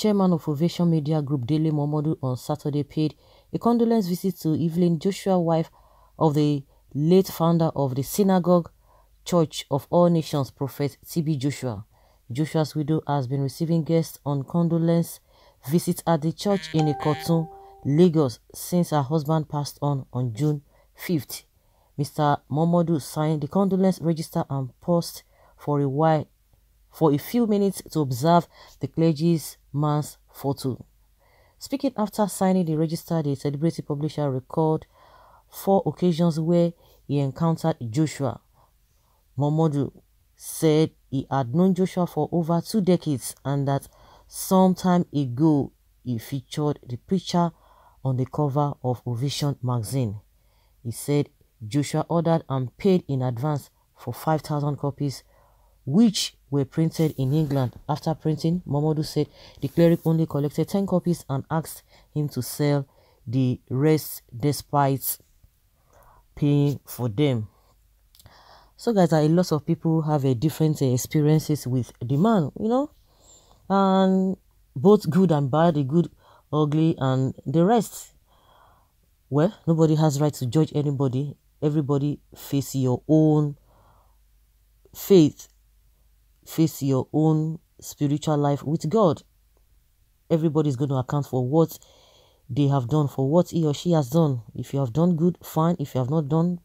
chairman of Ovation Media Group Daily Momodu on Saturday paid a condolence visit to Evelyn Joshua, wife of the late founder of the Synagogue Church of All Nations, Prophet T.B. Joshua. Joshua's widow has been receiving guests on condolence visits at the church in Ikotun, Lagos, since her husband passed on on June 5th. Mr. Momodu signed the condolence register and paused for a while for a few minutes to observe the clergy's Mars photo. Speaking after signing the register, the celebrity publisher recalled four occasions where he encountered Joshua. Momodu said he had known Joshua for over two decades and that some time ago he featured the preacher on the cover of Ovation magazine. He said Joshua ordered and paid in advance for 5,000 copies, which were printed in England. After printing, Momodu said the cleric only collected 10 copies and asked him to sell the rest despite paying for them. So guys, a lot of people have a different experiences with demand, you know, and both good and bad, the good, ugly, and the rest. Well, nobody has right to judge anybody. Everybody face your own faith face your own spiritual life with God. Everybody's going to account for what they have done, for what he or she has done. If you have done good, fine. If you have not done,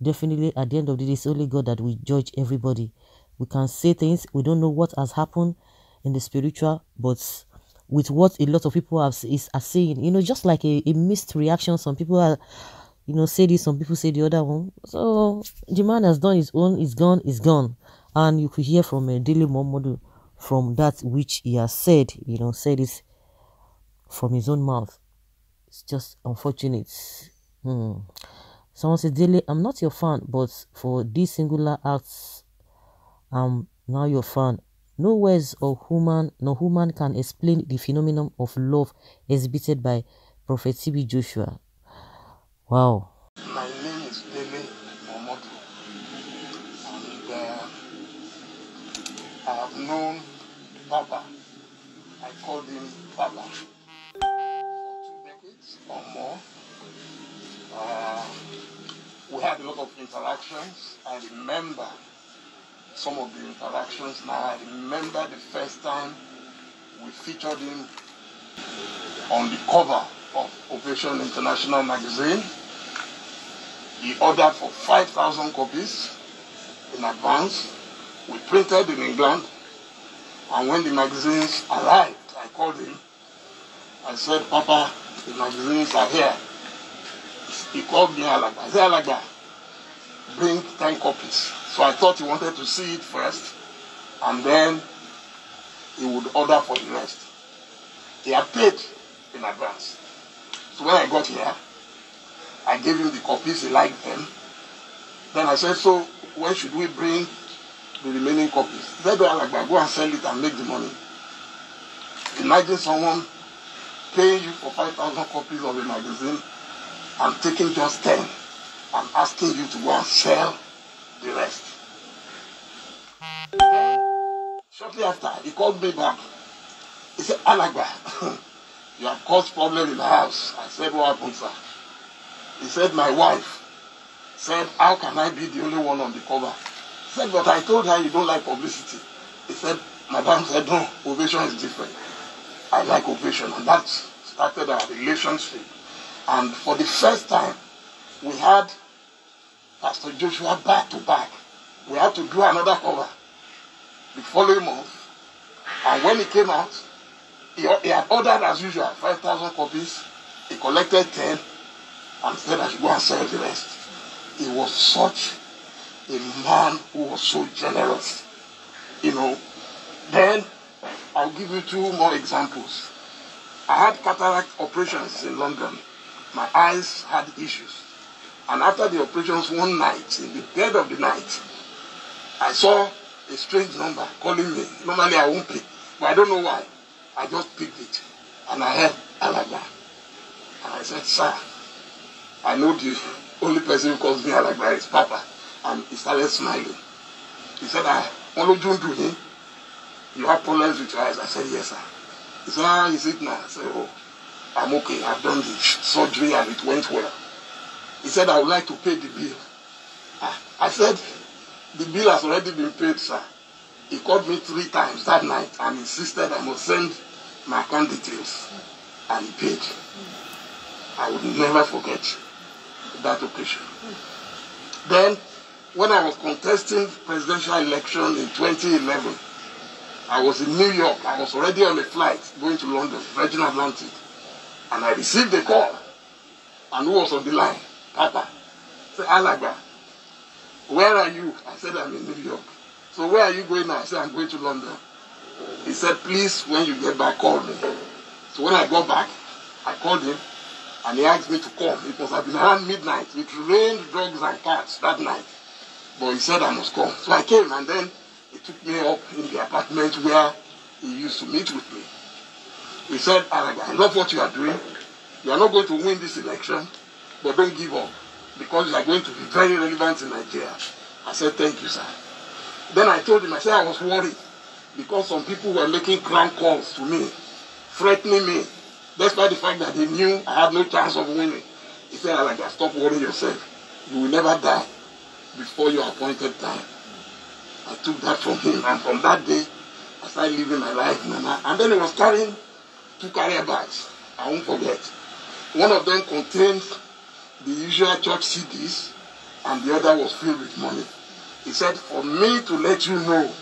definitely at the end of the day, it's only God that will judge everybody. We can say things, we don't know what has happened in the spiritual, but with what a lot of people have, is, are saying, you know, just like a, a mixed reaction, some people are you know, say this, some people say the other one. So the man has done his own, he's gone, he's gone and you could hear from a daily Momodu from that which he has said, you know, said it from his own mouth. It's just unfortunate. Hmm. Someone said, Daily, I'm not your fan, but for these singular acts, I'm now your fan. No words of human, no human can explain the phenomenon of love exhibited by Prophet TB Joshua. Wow. for two decades or more. Uh, we had a lot of interactions. I remember some of the interactions now. I remember the first time we featured him on the cover of Operation International magazine. He ordered for 5,000 copies in advance. We printed in England, and when the magazines arrived, called him and said, Papa, the magazines are here. He called me Alagba. I said, Alagba, bring 10 copies. So I thought he wanted to see it first and then he would order for the rest. He had paid in advance. So when I got here, I gave him the copies, he liked them. Then I said, So when should we bring the remaining copies? He said, Alagba, go and sell it and make the money. Imagine someone paying you for 5,000 copies of a magazine and taking just 10 and asking you to go and sell the rest. Shortly after, he called me back. He said, Alagba, you have caused problem in the house. I said, what happened, sir? He said, my wife said, how can I be the only one on the cover? He said, but I told her you don't like publicity. He said, Madam said, no, ovation is different. I like ovation. And that started our relationship. And for the first time, we had Pastor Joshua back to back. We had to do another cover the following month. And when he came out, he, he had ordered as usual 5,000 copies. He collected 10 and said I should go and sell the rest. He was such a man who was so generous. You know, then I'll give you two more examples. I had cataract operations in London. My eyes had issues. And after the operations one night, in the dead of the night, I saw a strange number calling me. Normally I won't pick, but I don't know why. I just picked it. And I heard Alagba. And I said, sir, I know the only person who calls me Alagba is Papa. And he started smiling. He said, "I ah, wọ́n lójú ń dùn you have problems with your eyes? I said, yes, sir. He said, how ah, is it now? I said, oh, I'm okay. I've done the surgery and it went well. He said, I would like to pay the bill. Ah, I said, the bill has already been paid, sir. He called me three times that night and insisted I must send my account details. And he paid. I would never forget that occasion. Then, when I was contesting presidential election in 2011, I was in New York. I was already on a flight going to London, Virgin Atlantic. And I received the call. And who was on the line? Papa. I said, Alagba, where are you? I said, I'm in New York. So where are you going now? I said, I'm going to London. He said, please, when you get back, call me. So when I got back, I called him and he asked me to come. It must been around midnight. It rained drugs and cats that night. But he said I must come. So I came and then He took me up in the apartment where he used to meet with me. He said, "Arab, I love what you are doing. You are not going to win this election, but don't give up because you are going to be very relevant in Nigeria. I said, Thank you, sir. Then I told him, I said, I was worried because some people were making crank calls to me, threatening me, despite the fact that they knew I had no chance of winning. He said, "Arab, stop worrying yourself. You will never die before your appointed time. I took that from him. And from that day, I started living my life. Mama. And then he was carrying two carrier bags. I won't forget. One of them contained the usual church CDs, and the other was filled with money. He said, For me to let you know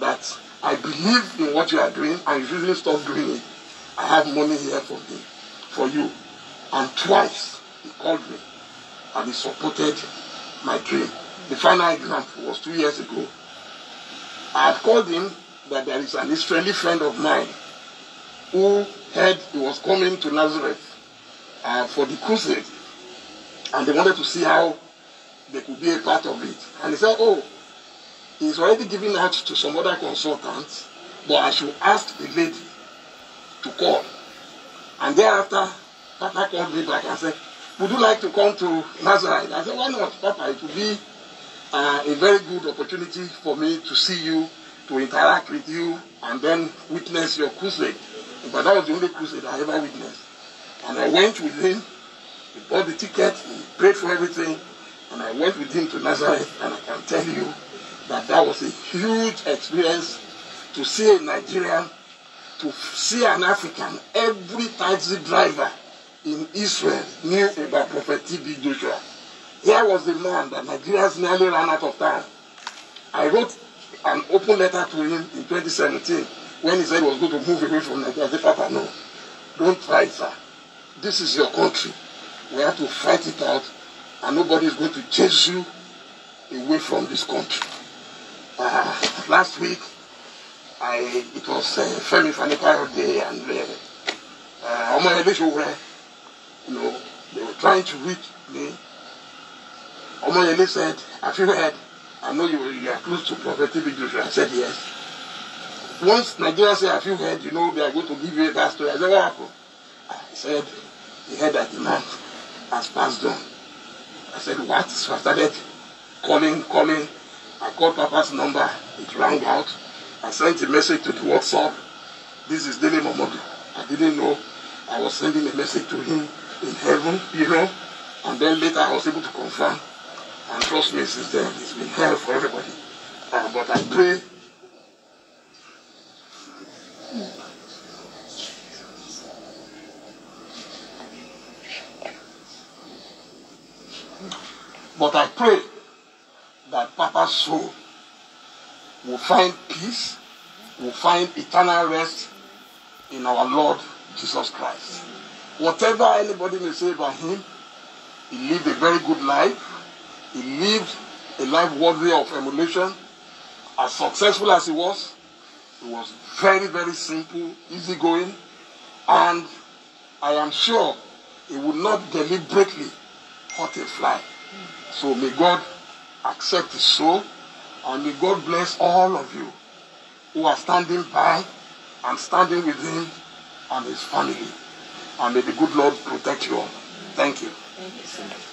that I believe in what you are doing and you shouldn't stop doing it, I have money here for me, for you. And twice he called me and he supported my dream. The final example was two years ago. I had called him that there is an Israeli friend of mine who heard he was coming to Nazareth uh, for the crusade and they wanted to see how they could be a part of it. And he said, Oh, he's already giving out to some other consultants, but I should ask the lady to call. And thereafter, Papa called me back and said, Would you like to come to Nazareth? I said, Why not, Papa? It would be uh, a very good opportunity for me to see you, to interact with you, and then witness your crusade. But that was the only crusade I ever witnessed. And I went with him, he bought the ticket, he prayed for everything, and I went with him to Nazareth, and I can tell you that that was a huge experience to see a Nigerian, to see an African, every taxi driver in Israel knew about Prophet T.B. Joshua. Here was the man that Nigerians nearly ran out of time. I wrote an open letter to him in 2017 when he said he was going to move away from Nigeria. I said, Papa, no. Don't try, sir. This is your country. We have to fight it out, and nobody is going to chase you away from this country. Uh, last week, I, it was uh, Femi Fanipayo Day, and uh, uh, you know, they were trying to reach me Omoyele said, Have you heard? I know you, you are close to Prophet Joshua. I said, Yes. Once Nigeria said, Have you heard? You know, they are going to give you that story. I said, What happened? I said, He heard that the man has passed on. I said, What? So I started calling, calling. I called Papa's number. It rang out. I sent a message to the WhatsApp. This is Dele Momodu. I didn't know. I was sending a message to him in heaven, you know. And then later I was able to confirm And trust me, sister, it's been hell for everybody. Uh, but I pray. But I pray that Papa's soul will find peace, will find eternal rest in our Lord Jesus Christ. Whatever anybody may say about him, he lived a very good life. He lived a life worthy of emulation. As successful as he was, he was very, very simple, easygoing, and I am sure he would not deliberately hurt a fly. So may God accept his soul, and may God bless all of you who are standing by and standing with him and his family. And may the good Lord protect you all. Thank you. Thank you, sir.